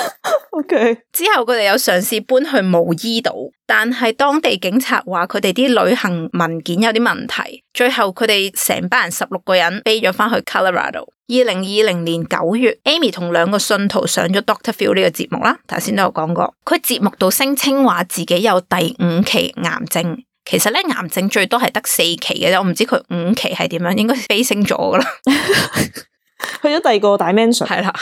OK，之後佢哋有嘗試搬去毛伊島，但係當地警察話佢哋啲旅行文件有啲問題，最後佢哋成班人十六個人飛咗翻去 Colorado。二零二零年九月，Amy 同兩個信徒上咗 Doctor Phil 呢個節目啦，頭先都有講過，佢節目度聲稱話自己有第五期癌症，其實咧癌症最多係得四期嘅啫，我唔知佢五期係點樣，應該飛升咗噶啦。 去咗第二個 dimension，係啦。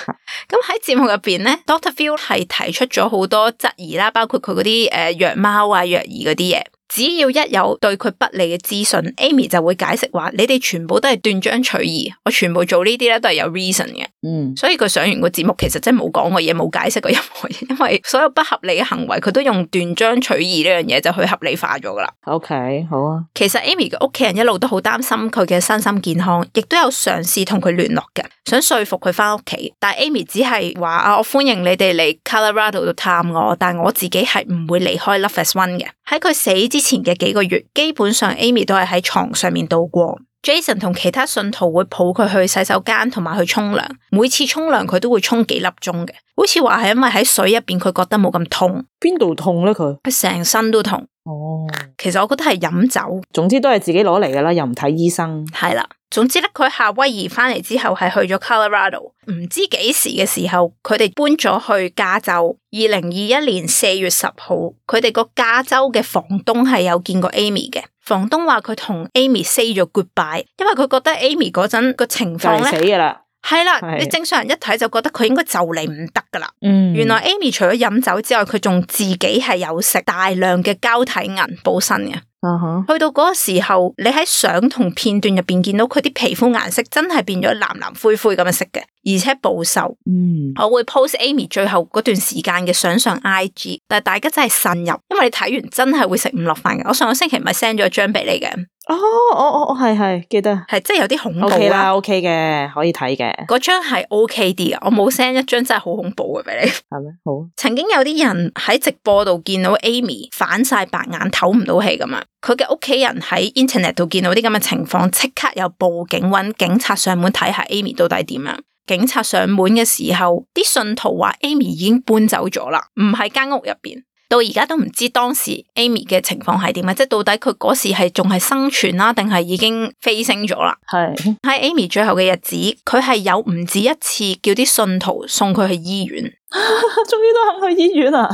咁喺節目入邊咧，Doctor Phil 係提出咗好多質疑啦，包括佢嗰啲誒虐貓啊、虐兒嗰啲嘢。只要一有對佢不利嘅資訊，Amy 就會解釋話，你哋全部都係斷章取義，我全部做呢啲咧都係有 reason 嘅。嗯，所以佢上完個節目，其實真係冇講過嘢，冇解釋過個任何嘢，因為所有不合理嘅行為，佢都用斷章取義呢樣嘢就去合理化咗㗎喇。OK，好啊。其實 Amy 嘅屋企人一路都好擔心佢嘅身心健康，亦都有嘗試同佢聯絡嘅，想說服佢返屋企。但 Amy 只係話啊，我歡迎你哋嚟 Colorado 度探我，但我自己係唔會離開 Love Has Won 嘅。喺佢死。之前嘅幾個月，基本上 Amy 都係喺床上面度過。Jason 同其他信徒會抱佢去洗手間同埋去沖涼，每次沖涼佢都會沖幾粒鐘嘅，好似話係因為喺水入面，佢覺得冇咁痛。邊度痛呢？佢成身都痛。哦，oh. 其實我覺得係飲酒，總之都係自己攞嚟㗎喇，又唔睇醫生。係啦。總之咧，佢喺夏威夷翻嚟之後係去咗 Colorado，唔知幾時嘅時候佢哋搬咗去加州。二零二一年四月十號，佢哋個加州嘅房東係有見過 Amy 嘅。房東話佢同 Amy say 咗 goodbye，因為佢覺得 Amy 嗰陣個情況死噶啦，係啦是，你正常人一睇就覺得佢應該就嚟唔得噶啦。嗯，原來 Amy 除咗飲酒之外，佢仲自己係有食大量嘅膠體銀補身嘅。啊！吓，去到嗰個時候，你喺相同片段入面見到佢啲皮膚顏色真係變咗藍藍灰灰咁樣色嘅，而且暴瘦。嗯，我會 post Amy 最後嗰段時間嘅相上 IG，但大家真係慎入，因為你睇完真係會食唔落飯嘅。我上個星期咪 send 咗張俾你嘅。哦，我我我係係記得，係即係有啲恐怖啦。O K 嘅，可以睇嘅。嗰張係 O K 啲啊，我冇 send 一張真係好恐怖嘅俾你。係咩？好。曾經有啲人喺直播度見到 Amy 反晒白眼，唞唔到氣咁啊！佢嘅屋企人喺 Internet 度見到啲咁嘅情況，即刻又報警，搵警察上門睇下 Amy 到底點樣。警察上門嘅時候，啲信徒話 Amy 已經搬走咗啦，唔喺間屋入邊。到而家都唔知道當時 Amy 嘅情況係點啊！即到底佢嗰時係仲係生存啦，定係已經飛升咗啦？喺是 Amy 最後嘅日子，佢係有唔止一次叫啲信徒送佢去醫院。終於 都肯去醫院啦。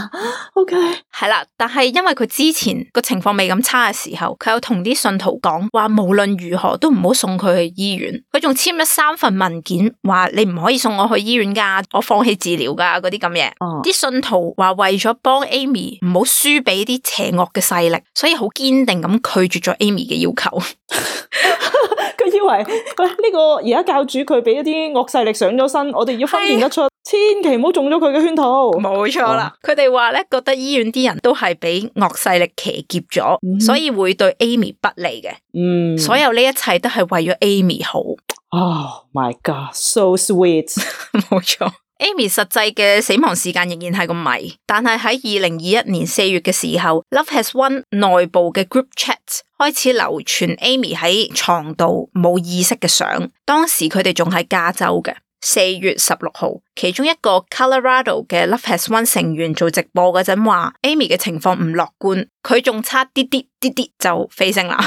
O K，係啦，但係因為佢之前個情況未咁差嘅時候，佢有同啲信徒講話，無論如何都唔好送佢去醫院。佢仲簽咗三份文件，話你唔可以送我去醫院噶，我放棄治療噶，嗰啲咁嘢。啲、oh. 信徒話為咗幫 Amy 唔好輸俾啲邪惡嘅勢力，所以好堅定咁拒絕咗 Amy 嘅要求。佢 以為呢個而家教主佢俾一啲惡勢力上咗身，我哋要分辨得出。千祈唔好中咗佢嘅圈套，冇錯啦。佢哋話咧，覺得醫院啲人都係俾惡勢力騎劫咗，mm hmm. 所以會對 Amy 不利嘅。嗯、mm，hmm. 所有呢一切都係為咗 Amy 好。Oh my god, so sweet！冇錯 ，Amy 實際嘅死亡時間仍然係個謎。但係喺二零二一年四月嘅時候，Love Has Won 內部嘅 Group Chat 開始流傳 Amy 喺床度冇意識嘅相。當時佢哋仲喺加州嘅。四月十六號，其中一個 Colorado 嘅 Love Has Won 成員做直播嗰陣話，Amy 嘅情況唔樂觀，佢仲差啲啲啲啲就飛升啦。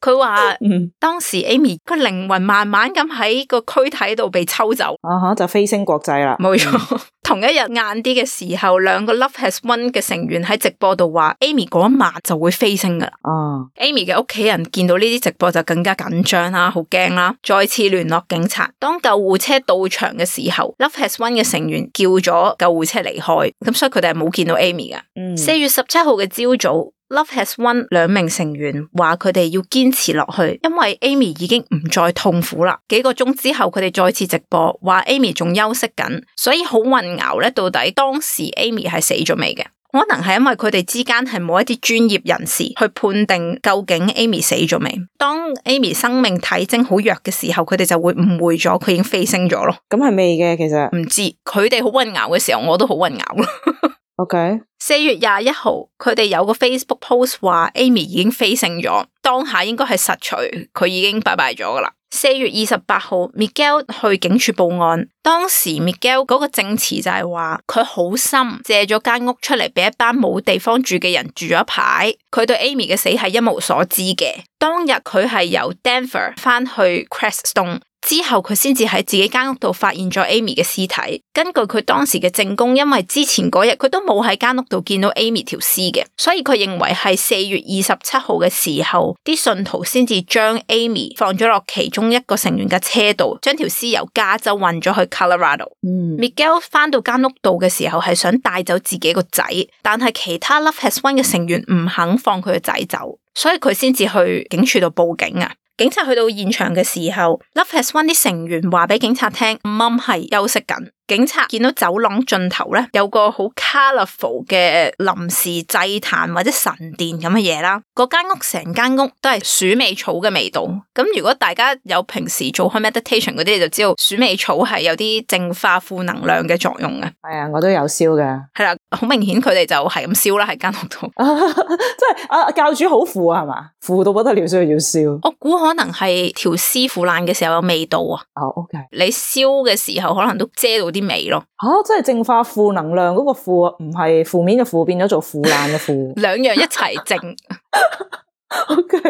佢話，嗯，當時 Amy 個靈魂慢慢咁喺個軀體度被抽走，uh、huh, 就飛升國際啦，冇錯用。 同一日晏啲嘅時候，兩個 Love Has Won 嘅成員喺直播度話，Amy 嗰一晚就會飛升噶啦。哦，Amy 嘅屋企人見到呢啲直播就更加緊張啦，好驚啦。再次聯絡警察，當救護車到場嘅時候，Love Has Won 嘅成員叫咗救護車離開，咁所以佢哋係冇見到 Amy 噶。mm. 四月十七號嘅朝早。Love Has Won 兩名成員話佢哋要堅持落去，因為 Amy 已經唔再痛苦啦。幾個鐘之後，佢哋再次直播，話 Amy 仲休息緊，所以好混淆咧。到底當時 Amy 係死咗未嘅？可能係因為佢哋之間係冇一啲專業人士去判定究竟 Amy 死咗未。當 Amy 生命體徵好弱嘅時候，佢哋就會誤會咗佢已經飛升咗咯。咁係咩嘅，其實唔知佢哋好混淆嘅時候，我都好混淆咯。 OK 四月廿一號，佢哋有個 Facebook post 話 Amy 已經飛升咗，當下應該係實錘，佢已經拜拜咗㗎喇。四月二十八號，Miguel 去警署報案，當時 Miguel 嗰個證詞就係話佢好心借咗間屋出嚟俾一班冇地方住嘅人住咗一排，佢對 Amy 嘅死係一無所知嘅。當日佢係由 Denver 返去 Crestone。之後佢先至喺自己間屋度發現咗 Amy 嘅屍體。根據佢當時嘅證供，因為之前嗰日佢都冇喺間屋度見到 Amy 條屍嘅，所以佢認為係四月二十七號嘅時候，啲信徒先至將 Amy 放咗落其中一個成員嘅車度，將條屍由加州運咗去 Colorado。嗯、mm.，Miguel 翻到間屋度嘅時候係想帶走自己個仔，但係其他 Love Has Won 嘅成員唔肯放佢個仔走，所以佢先至去警署度報警、啊警察去到現場嘅時候，Love Has Won 啲成員話俾警察聽，mom 係休息緊。警察見到走廊盡頭咧有個好 colourful 嘅臨時祭壇或者神殿咁嘅嘢啦，嗰間屋成間屋都係鼠尾草嘅味道。咁如果大家有平時做開 meditation 嗰啲，你就知道鼠尾草係有啲淨化負能量嘅作用嘅。係啊，我都有燒嘅。係啦，好明顯佢哋就係咁燒啦，喺間屋度。即係 啊，教主好腐啊，係嘛？腐到不得了，所以要燒。我估可能係條屍腐爛嘅時候有味道啊。哦，OK。你燒嘅時候可能都遮到。啲味咯，吓、啊、即係淨化負能量嗰個負唔係負面嘅負變咗做腐爛嘅腐，兩 樣一齊淨。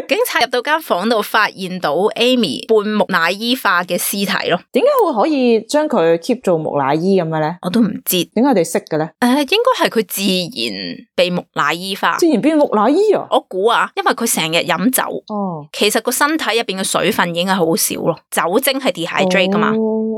警察入到間房度發現到 Amy 半木乃伊化嘅屍體咯，點解會可以將佢 keep 做木乃伊咁嘅咧？我都唔知，點解我哋識嘅咧？誒、呃，應該係佢自然被木乃伊化，自然變木乃伊啊！我估啊，因為佢成日飲酒哦，其實個身體入邊嘅水分已經係好少咯，酒精係 dehydration 噶嘛。哦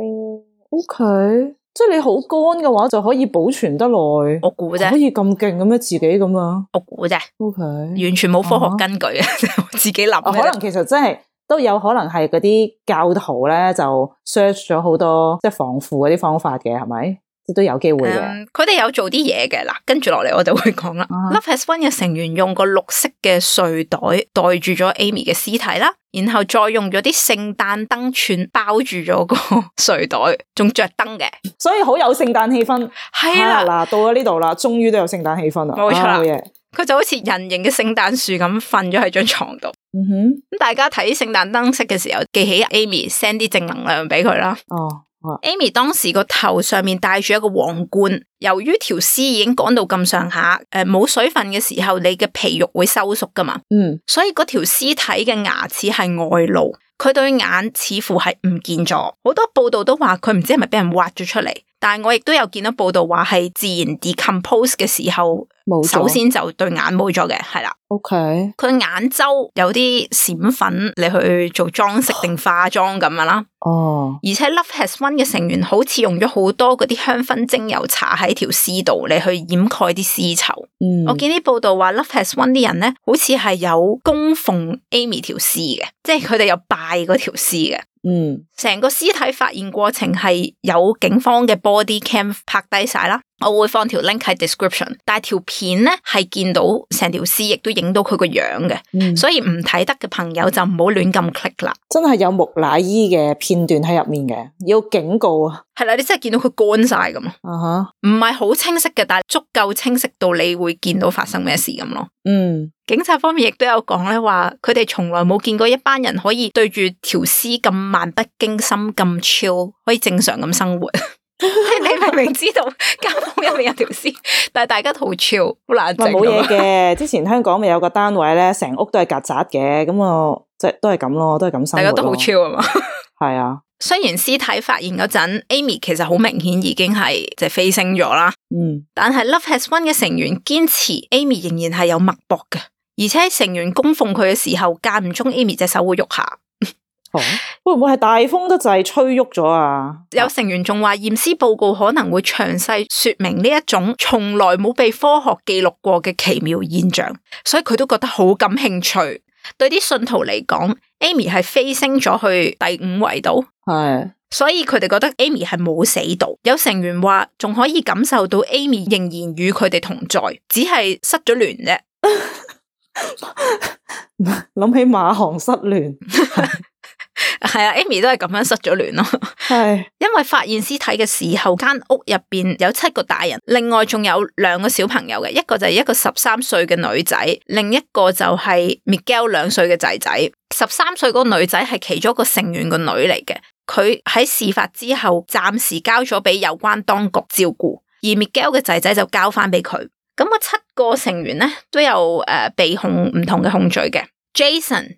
O、okay, K，即係你好乾嘅話就可以保存得耐。我估啫，可以咁勁嘅咩？自己咁啊，我估啫。O Okay , K，完全冇科學根據啊！ 自己諗。可能其實真、就、係、是、都有可能係嗰啲教徒咧，就 search 咗好多即係防腐嗰啲方法嘅，係咪？都有機會嘅，佢哋，um, 有做啲嘢嘅嗱，跟住落嚟我就會講啦。啊、Love Has Won 嘅成員用個綠色嘅睡袋袋住咗 Amy 嘅屍體啦，然後再用咗啲聖誕燈串包住咗個睡袋，仲着燈嘅，所以好有聖誕氣氛。係啦，啊、到咗呢度啦，終於都有聖誕氣氛啦。冇錯啦，佢、啊、就好似人形嘅聖誕樹咁瞓咗喺張床度。嗯哼，咁大家睇聖誕燈飾嘅時候，記起 Amy，send 啲正能量俾佢啦。哦。Amy 當時個頭上面戴住一個皇冠，由於條屍已經乾到咁上下，誒、呃，冇水分嘅時候，你嘅皮肉會收縮㗎嘛，嗯，所以嗰條屍體嘅牙齒係外露，佢對眼似乎係唔見咗，好多報道都話佢唔知係咪俾人挖咗出嚟。但係我亦都有見到報道話係自然 decompose 嘅時候，了首先就對眼冇咗嘅，係啦。O K，佢眼周有啲閃粉，你去做裝飾定化妝咁樣啦。哦，oh. 而且 Love Has Won 嘅成員好似用咗好多嗰啲香薰精油搽喺條屍度，你去掩蓋啲屍臭。嗯，我見啲報道話 Love Has Won 啲人咧，好似係有供奉 Amy 條屍嘅，即係佢哋有拜嗰條屍嘅。嗯，成個屍體發現過程係有警方嘅 body cam 拍低晒啦。我會放條 link 喺 description，但係條片咧係見到成條屍亦都影到佢個樣嘅，嗯、所以唔睇得嘅朋友就唔好亂咁 click 啦。真係有木乃伊嘅片段喺入面嘅，要警告啊！係啦，你真係見到佢乾晒咁啊吓，唔係好清晰嘅，但係足夠清晰到你會見到發生咩事咁咯。嗯，警察方面亦都有講咧話，佢哋從來冇見過一班人可以對住條屍咁漫不經心咁 chill, 可以正常咁生活。 你明明知道間房入面有條屍，但係大家好超，好難整。冇嘢嘅，之前香港咪有個單位咧，成屋都係曱甴嘅，咁我即係都係咁咯，都係咁生活咯。大家都好超啊嘛，係啊。雖然屍體發現嗰陣，Amy 其實好明顯已經係即係飛升咗啦。嗯。但係 Love Has Won 嘅成員堅持，Amy 仍然係有脈搏嘅，而且成員供奉佢嘅時候，間唔中 Amy 隻手會喐下。哦、會唔會係大風得滯吹喐咗啊？有成員仲話驗屍報告可能會詳細說明呢一種從來冇被科學記錄過嘅奇妙現象，所以佢都覺得好感興趣。對啲信徒嚟講，Amy 係飛升咗去第五維度，係是所以佢哋覺得 Amy 係冇死到。有成員話仲可以感受到 Amy 仍然與佢哋同在，只係失咗聯啫。諗 起馬航失聯。係啊，Amy 都係咁樣失咗聯咯。 的因為發現屍體嘅時候，間屋入面有七個大人，另外仲有兩個小朋友嘅，一個就係一個十三歲嘅女仔，另一個就係 Miguel 兩歲嘅仔仔。十三歲嗰個女仔係其中一個成員嘅女嚟嘅，佢喺事發之後暫時交咗俾有關當局照顧，而 Miguel 嘅仔仔就交翻俾佢。咁個七個成員咧都有、呃、被控唔同嘅控罪嘅，Jason。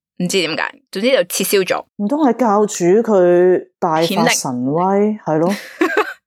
唔知點解，總之就撤銷咗。唔通係教主佢大顯神威，係咯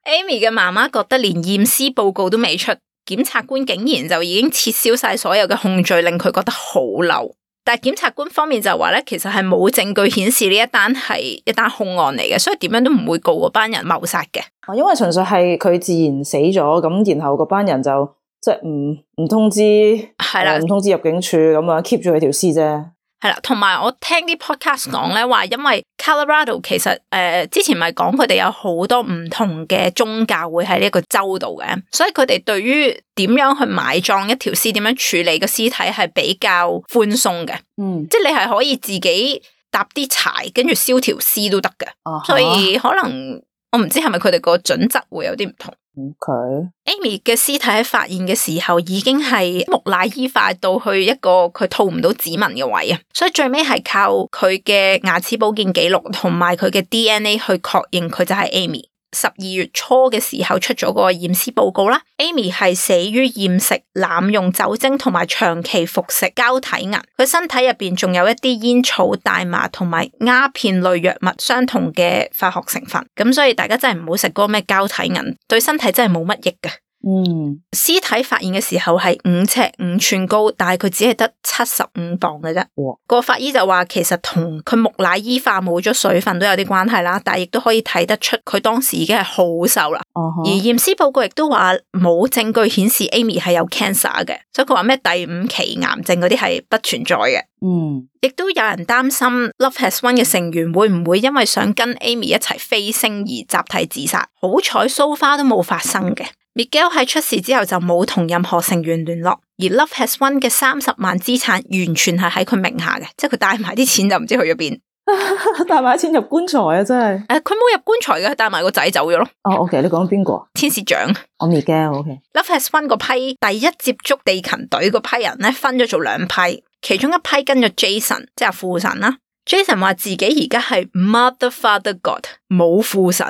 ？Amy 嘅媽媽覺得連驗屍報告都未出，檢察官竟然就已經撤銷晒所有嘅控罪，令佢覺得好嬲。但係檢察官方面就話咧，其實係冇證據顯示呢一單係一單兇案嚟嘅，所以點樣都唔會告嗰班人謀殺嘅。因為純粹係佢自然死咗，咁然後嗰班人就即係唔唔通知，係啦的，啊、唔通知入境處咁樣 keep 住佢條屍啫。係啦，同埋我聽啲 podcast 講咧，話因為 Colorado 其實誒、呃，之前咪講佢哋有好多唔同嘅宗教會喺呢一個州度嘅，所以佢哋對於點樣去埋葬一條屍，點樣處理個屍體係比較寬鬆嘅。嗯，即係你係可以自己搭啲柴，跟住燒條屍都得嘅。啊、哈所以可能我唔知係咪佢哋個準則會有啲唔同。佢 Okay. Amy 嘅屍體喺發現嘅時候已經係木乃伊化到去一個佢套唔到指紋嘅位啊，所以最尾係靠佢嘅牙齒保健記錄同埋佢嘅 DNA 去確認佢就係 Amy。十二月初嘅時候出咗個驗屍報告啦，Amy 係死於厭食、濫用酒精同埋長期服食膠體銀。佢身體入邊仲有一啲煙草、大麻同埋鴉片類藥物相同嘅化學成分，咁所以大家真係唔好食嗰個咩膠體銀，對身體真係冇乜益㗎。嗯，屍體發現嘅時候係五尺五寸高，但係佢只係得七十五磅嘅啫。哦、個法醫就話其實同佢木乃伊化冇咗水分都有啲關係啦，但係亦都可以睇得出佢當時已經係好瘦啦。哦、哈而驗屍報告亦都話冇證據顯示 Amy 係有 cancer 嘅，所以佢話咩第五期癌症嗰啲係不存在嘅。嗯，亦都有人擔心 Love Has Won 嘅成員會唔會因為想跟 Amy 一齊飛升而集體自殺？好彩 so far 都冇發生嘅。Miguel 喺出事之後就冇同任何成員聯絡，而 Love Has Won 嘅三十萬資產完全係喺佢名下嘅，即係佢帶埋啲錢就唔知去咗邊， 帶埋錢入棺材 啊！真係誒，佢冇入棺材嘅，帶埋個仔走咗咯。哦、oh,，OK，你講邊個啊？天使長，我 Miguel，OK、okay.。Love Has Won 個批第一接觸地勤隊嗰批人咧，分咗做兩批。其中一批跟咗 Jason，即係父神啦，啊。Jason 話自己而家係 Mother Father God，冇父神。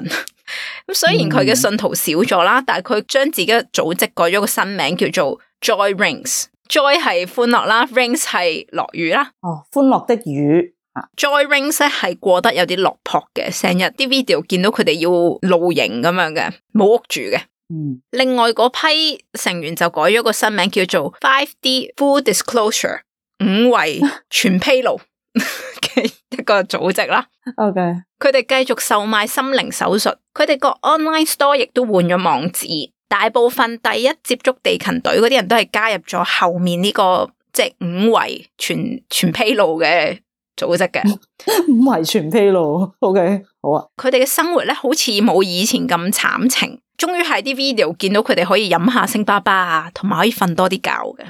咁 雖然佢嘅信徒少咗啦，但係佢將自己嘅組織改咗個新名，叫做 Joy Rings。Joy 係歡樂啦，Rings 係落雨啦。哦，歡樂的雨。Joy Rings 咧係過得有啲落魄嘅，成日啲 video 見到佢哋要露營咁樣嘅，冇屋住嘅。嗯。另外嗰批成員就改咗個新名，叫做 Five D Full Disclosure。五維全披露嘅一個組織啦，OK，佢哋繼續售賣心靈手術，佢哋個 online store 亦都換咗網址，大部分第一接觸地勤隊嗰啲人都係加入咗後面呢、這個即係、就是、五維全全披露嘅。組織嘅唔係全披露，OK 好啊。佢哋嘅生活咧，好似冇以前咁慘情。終於喺啲 video 見到佢哋可以飲下星巴巴啊，同埋可以瞓多啲覺嘅，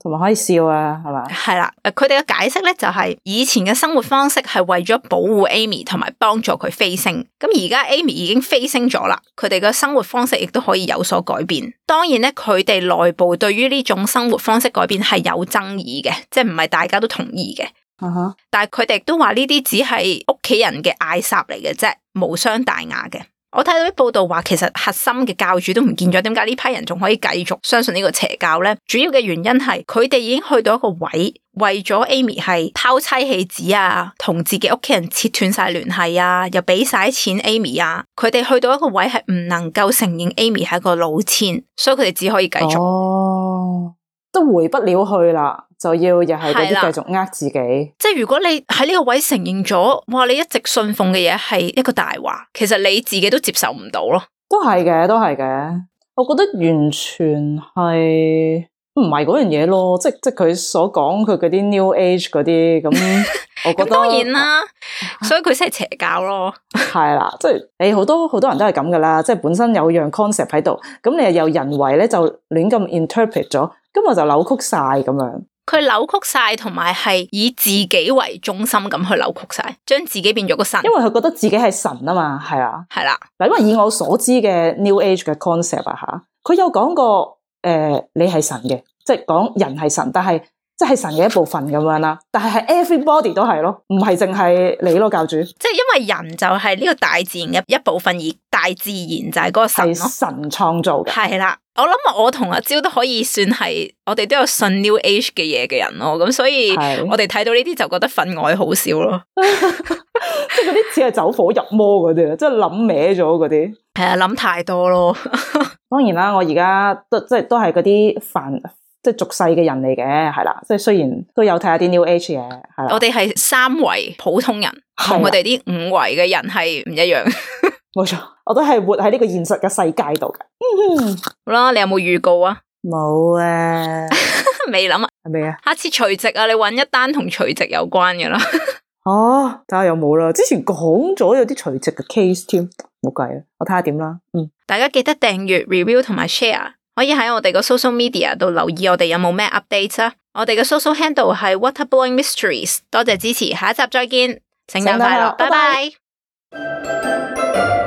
同埋可以笑啊，係嘛？係啦，佢哋嘅解釋咧就係、是、以前嘅生活方式係為咗保護 Amy 同埋幫助佢飛升。咁而家 Amy 已經飛升咗啦，佢哋嘅生活方式亦都可以有所改變。當然咧，佢哋內部對於呢種生活方式改變係有爭議嘅，即係唔係大家都同意嘅。Uh huh. 但係佢哋都話呢啲只係屋企人嘅嗌霎嚟嘅啫，無傷大雅嘅。我睇到啲報道話，其實核心嘅教主都唔見咗。點解呢批人仲可以繼續相信呢個邪教呢？主要嘅原因係佢哋已經去到一個位，為咗 Amy 係拋妻棄子啊，同自己屋企人切斷晒聯繫啊，又俾晒錢 Amy 啊，佢哋去到一個位係唔能夠承認 Amy 係一個老千，所以佢哋只可以繼續。Oh. 都回不了去啦，就要又係嗰啲繼續呃自己。即係如果你喺呢個位承認咗，哇！你一直信奉嘅嘢係一個大話，其實你自己都接受唔到咯。都係嘅，都係嘅。我覺得完全係唔係嗰樣嘢咯，即係即係佢所講佢嗰啲 New Age 嗰啲咁。我覺得當然啦， 所以佢先係邪教咯。係啦，即係你好多好多人都係咁噶啦，即係本身有樣 concept 喺度，咁你又又人為咧就亂咁 interpret 咗。今日就扭曲晒咁樣，佢扭曲晒，同埋係以自己為中心咁去扭曲晒，將自己變咗個神。因為佢覺得自己係神啊嘛，係啊，係啦的。嗱，因為以我所知嘅 New Age 嘅 concept 啊，吓，佢有講過，誒、呃，你係神嘅，即係講人係神，但係即係神嘅一部分咁樣啦。但係係 everybody 都係咯，唔係淨係你咯，教主。即係因為人就係呢個大自然嘅一部分而。大自然就係嗰個神咯、啊，神創造嘅係啦。我諗我同阿蕉都可以算係，我哋都有信 New Age 嘅嘢嘅人咯。咁所以是，我哋睇到呢啲就覺得份外好笑咯。 即係嗰啲只係走火入魔嗰啲即係諗歪咗嗰啲。係啊，諗太多咯。 當然啦，我而家都即係都係嗰啲凡即係俗世嘅人嚟嘅，係啦。即係雖然都有睇下啲 New Age 嘢，我哋係三維普通人，同我哋啲五維嘅人係唔一樣，冇 錯。我都係活喺呢個現實嘅世界度噶，嗯、哼，好啦，你有冇預告啊？冇啊，未諗啊，係咪啊？下次除夕啊，你揾一單同除夕有關嘅啦。 哦，睇下有冇啦。之前講咗有啲除夕嘅 case 添，冇計啊。我睇下點啦。嗯，大家記得訂閱、review 同埋 share，可以喺我哋個 social media 度留意我哋有冇咩 update 啊。我哋嘅 social handle 係 water boiling mysteries，多謝支持，下一集再見，聖誕快樂，拜拜。拜拜。